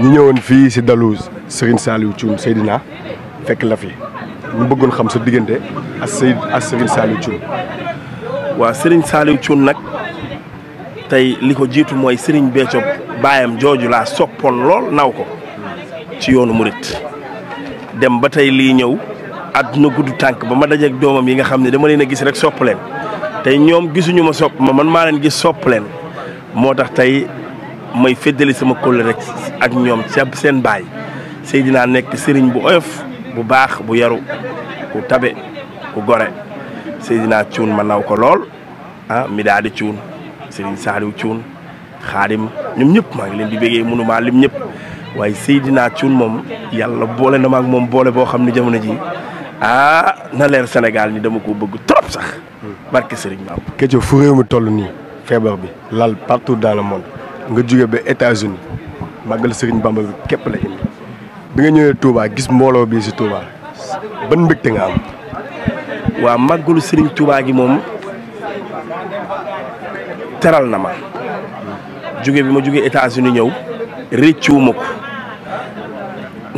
ñu ñëwoon fii si dalu Serigne Saliou Thioune Seydina fekk la fi ñu xam sa diggante ak Seyd ak Serigne Saliou Thioune. waaw Serigne nag tey li ko jiitu mooy Serigne Béthio baayam jooju laa soppoon lool naw ko ci yoonu murit dem ba tey lii ñëw àdduna gudd tànk ba ma dajeeg doomam yi nga xam ne dama leen a gis rek sopp tey ñoom gisuñu ma sopp ma man maa leen gis sopp leen moo tax tey may féddali sama kóll rek ak ñoom ca seen baay Seydina nekk sëriñ bu oyof bu baax bu yaru ku tabe ku gore Seydina cuun ma naw ko lool a ah, mi daal di cuun sëriñ Saaliw cuun xaadim ñoom ñëpp maa ngi leen di bégee mënumaa lim ñëpp waaye Seydina cuun moom yàlla boole na ma ak moom boole boo xam ne jamono ji ah na leer Sénégal ni dama ko bëgg trop sax hmm. barke sëriñ Maam Kétiop fu mu mi toll nii feebar bi lal partout dans le monde nga jóge ba États-Unis màggal Serigne Bamba bi képp la indi bi nga ñëwee Touba gis mbooloo bii si Touba ban mbégte nga am. waa màggalu Serigne Touba gi moom teral na ma jóge bi ma jóge États-Unis ñëw rëccuwuma ko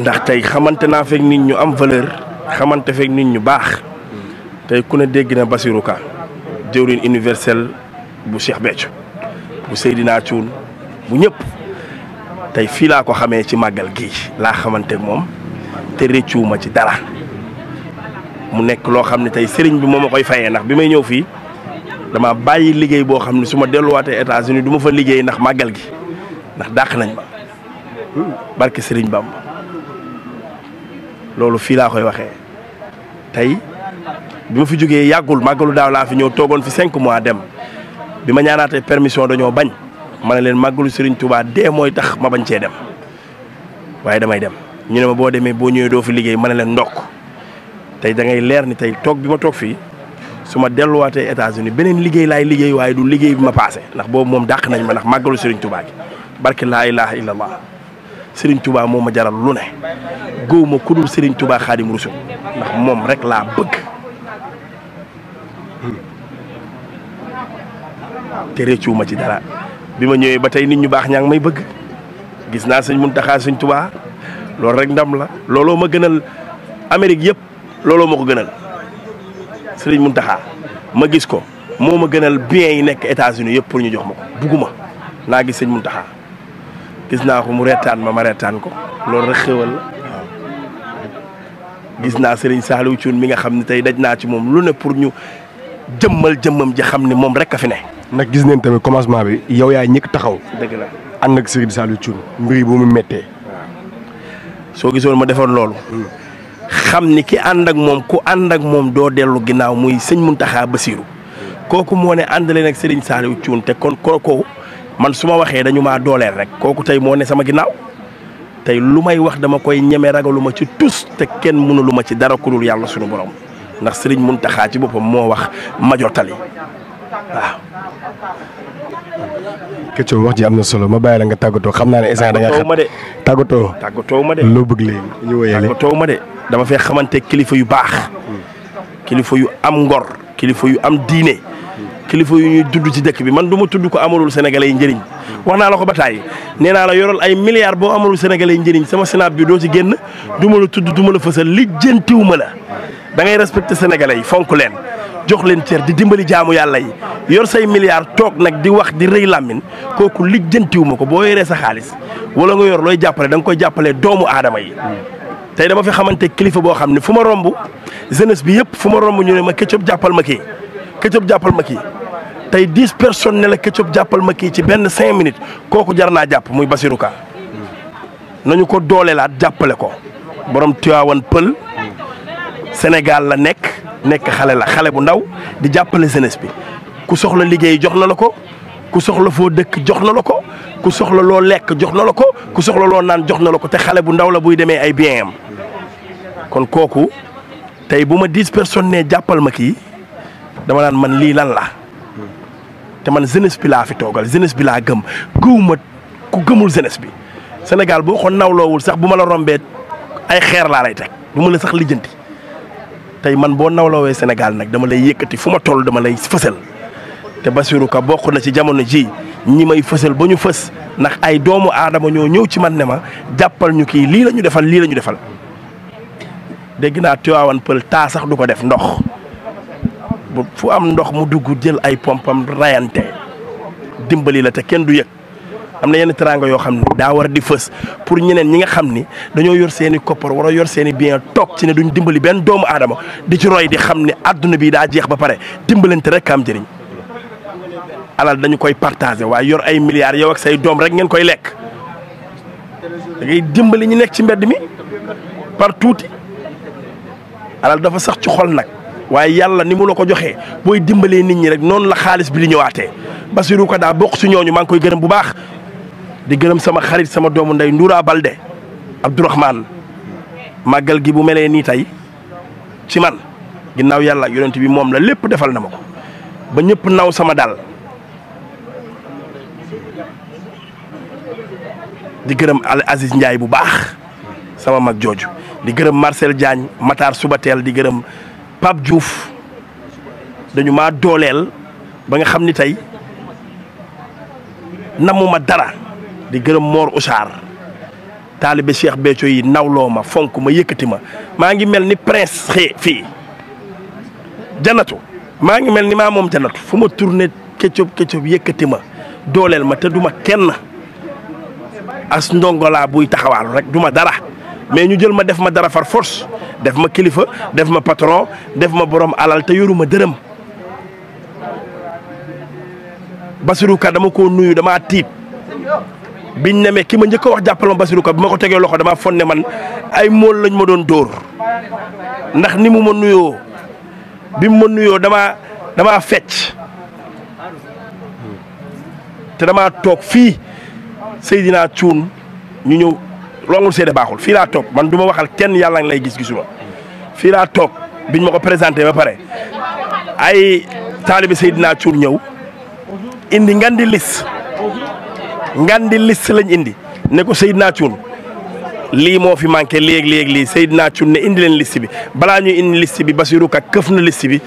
ndax tey xamante naa fekk nit ñu am valeur xamante fekk nit ñu baax tey ku ne dégg na Basirou Ka jëwriñ universel bu Cheikh Béthio bu Seydina Thioune bu ñëpp tey fii laa ko xamee ci màggal gi laa xamante moom te réccuwuma ci dara mu nekk loo xam ne tey sëriñ bi moo ma koy fayee ndax bi may ñëw fii dama bàyyi liggéey boo xam ne su ma delluwaatee États-Unis duma fa liggéey ndax màggal gi ndax dàq nañ ma barke sëriñ bam loolu fii laa koy waxee tey bi ma fi jógee yàggul màggalu daaw laa fi ñëw toogoon fi cinq mois dem bi ma ñaanaatee permission dañoo bañ ma ne leen màggalu Serigne tubaa dee mooy tax ma bañ cee dem waaye damay dem ñu ne ma boo demee boo ñëwee doo fi liggéey ma ne leen ndokk tey da ngay leer ni tey toog bi ma toog fii su ma delluwaatee États-Unis beneen liggéey laay liggéey waaye du liggéey bi ma paase ndax boobu moom dàq nañ ma ndax màggalu Serigne Touba gi barke laa ilaha illallah sëriñ tubaa moo ma jaral lu ne góob ma ku sëriñ tubaa Touba Xaadim Rasul ndax moom rek laa bëgg. Hmm. te réccuwuma ci dara bi ma ñëwee ba tey nit ñu baax ñaa ngi may bëgg gis naa sëñ Muntaxa sëñ Tuubaa loolu rek ndam la looloo ma gënal Amérique yëpp looloo ma ko gënal sëriñ Muntaxa ma gis ko moo ma gënal bien yi nekk États-Unis yëpp pour ñu jox ma ko bugguma naa gis sëñ Muntaxa gis naa ko mu reetaan ma ma reetaan ko loolu rek xéwal la gis naa sëriñ Saliou Thioune mi nga xam ne tey daj naa ci moom lu ne pour ñu jëmmal jëmmam ji xam ne moom rek a fi ne nag gis neen tamit commencement bi yow yaay ñëkk taxaw. dëgg la ànd ak Serigne Saliou Thioune mbir yi bu mu méttee. soo gisoon ma defoon loolu. Hmm. xam ni ki ànd ak moom ku ànd ak moom doo dellu ginnaaw muy sëñ taxaa ba Bassirou. kooku moo ne ànd leen ak Serigne Saliou Thioune te kon kooku man su ma waxee dañu maa dooleel rek kooku tey moo ne sama ginnaaw. tey lu may wax dama koy ñeme ragaluma ci tus te kenn mënu ma ci dara ku dul yàlla suñu borom ndax Serigne taxaa ci boppam moo wax ma jottali Ketchup wax na solo ma bàyyi la nga tàggatoo xam naa ne instant da nga xam tàggatoo tàggatoo ma de loo bëgg léegi ñu wëyale tàggatoo ma dama fee xamante kilifa yu baax kilifa yu am ngor kilifa yu am diine kilifa yu ñuy dudd ci dëkk bi man du ma tudd ko amalul sénégalais yi njëriñ wax naa la ko ba tàyyi nee naa la yoral ay milliards boo amalul sénégalais yi njëriñ sama senaat bi doo ci génn du la tudd du ma la fësal li jëntiwu ma la da ngay respecté yi fonk leen jox leen cër di dimbali jaamu yàlla yi yor say milliards toog nag di wax di rëy làmmin kooku lijjantiwu ma ko boo yoree sa xaalis wala nga yor looy jàppale da nga koy jàppale doomu aadama yi. tey dama fi xamante kilifa boo xam ne fu ma romb jeunesse bi yëpp fu ma romb ñu ne ma Ketchup jàppal ma kii Ketchup jàppal ma kii tey dix personne ne la Ketchup jàppal ma kii ci benn cinq minutes kooku jar naa jàpp muy Basirou Ka nañu ko dooleelaat jàppale ko borom Tiwaawan pël Sénégal la nekk. nekk xale la xale bu ndaw di jàppale jeunesse bi ku soxla liggéey jox na la ko ku soxla foo dëkk jox na la ko ku soxla loo lekk jox na la ko ku soxla naan jox na la ko te xale bu ndaw la buy demee ay bien am kon kooku tey bu ma dix personnes jàppal ma kii dama naan man lii lan la te man jeunesse bi laa fi toogal jeunesse bi laa gëm gëwuma ku gëmul jeunesse bi Sénégal boo xoon nawloowul sax bu ma la rombee ay xeer laa lay teg du ma la sax lijjanti tey man boo nawlawee Sénégal nag dama lay yëkkati fu ma toll dama lay fësal te Bassirou Ka bokk na ci jamono ji ñi may fësal ba ñu fës ndax ay doomu aadama ñoo ñëw ci man ne ma jàppal ñu kii lii la ñu defal lii la defal dégg naa Tivaouane Pël taa sax du ko def ndox fu am ndox mu dugg jël ay pompam rayante dimbali la te kenn du yëg am na yenn teraanga yoo xam ne daa war di fës pour ñeneen ñi nga xam ni dañoo yor seeni i koppar yor seeni i bien toog ci ne duñ dimbali benn doomu aadama di ci roy di xam ne àdduna bi daa jeex ba pare rek am jëriñ alal dañu koy partagé waaye yor ay milliards yow ak say doom rek ngeen koy lekk da ngay dimbali ñi nekk ci mbedd mi par tuuti alal dafa sax ci xol nag waaye yàlla ni mu la ko joxee booy dimbalee nit ñi rek noonu la xaalis bi di ñëwaatee Basiru ko daa bokk si ñooñu maa ngi koy gërëm bu baax di gërëm sama xarit sama doomu ndey Ndoura Balde Abdourahman màggal gi bu melee nii tey ci man ginnaaw yàlla yonent bi moom la lépp defal na ma ko ba ñëpp naw sama dal di gërëm Al Aziz Ndiaye bu baax sama mag jooj di gërëm Marcel Diagne Matar Subatel di gërëm Pape Diouf dañu maa dooleel ba nga xam ni tey namuma dara di gërëm Mor Oussar taalibe Cheikh Béthio yi nawloo ma fonk ma yëkkati ma maa ngi mel ni prince fii janatu maa ngi mel ni maa moom janatu fu ma turne kéccob kéccob yëkkati ma dooleel ma te duma kenn as ndongolaa buy taxawaalu rek duma dara mais ñu jël ma def ma dara far force def ma kilifa def ma patron def ma borom alal te ma dërëm Basirou Ka dama ko nuyu dama tiit biñ nemee ki ma njëkka a wax jàppaloon Basirou Ka bi ma ko tegee loxo damaa fonne man ay mool lañu ma doon dóor ndax ni mu ma nuyoo bi mu ma nuyoo dama damaa fecc te damaa toog fii Seydina Thioune ñu ñëw loolu seede baaxul fii laa toog man du ma waxal kenn yàlla ngi lay gis gisuma fii laa toog biñ ma ko présenté ba pare ay taalibe Seydina Thioune ñëw indi di lis ngandi liste lañ indi ne ko Seydina Thioune lii moo fi manqué léegi-léegi lii Seydina ne indi leen liste bi balaa ñuy indi liste bi Bassirou Ka këf na listi bi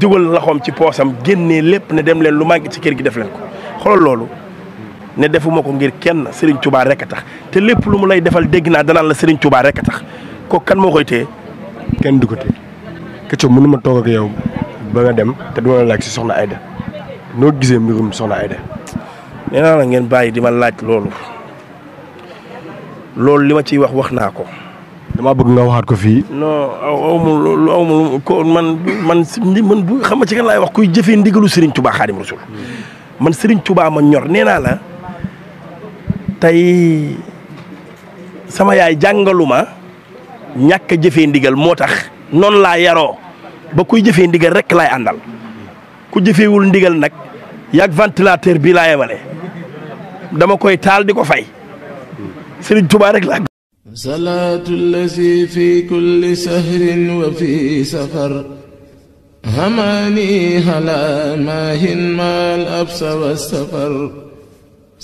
dugal loxoom ci poosam génnee lépp ne dem leen lu manqué ci kër gi def leen ko xoolal loolu ne defuma ko ngir kenn sëriñ Touba rek a tax te lépp lu mu lay defal dégg naa danaan la Serigne Touba rek a tax ko kan moo koy téye. kenn du ko téye Ketchup mënu ma toog ak yow ba nga dem te du ma la laaj soxna Aida noo gisee mbirum soxna nee naa la ngeen bàyyi di ma laaj loolu loolu li ma ciy wax wax naa ko. dama bëgg nga waxaat ko fii. non aw ma man man bu xam ma ci kan laay wax kuy jëfee ndigalu Serigne Touba Xaadim Rasul man Serigne Touba ma ñor nee naa la tey sama yaay jàngaluma ñàkk a ndigal moo tax noonu laa yaroo ba kuy jëfee ndigal rek laay àndal ku jëfewul ndigal nag yàgg ventilateur bi laa yemale dama koy taal di ko fay sëriñ Tuubaa rek laa salaatu allazi fi kulli sahrin wa fi safar hamaani hala maahin maal absa wa safar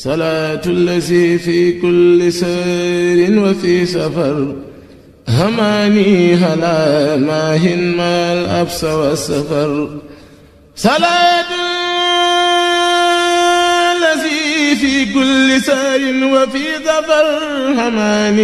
salaatu allazi fi kulli sahrin wa fi safar hamaani hala maahin maal absa wa safar salaatu fi kulli sërin wa fi safar xamaani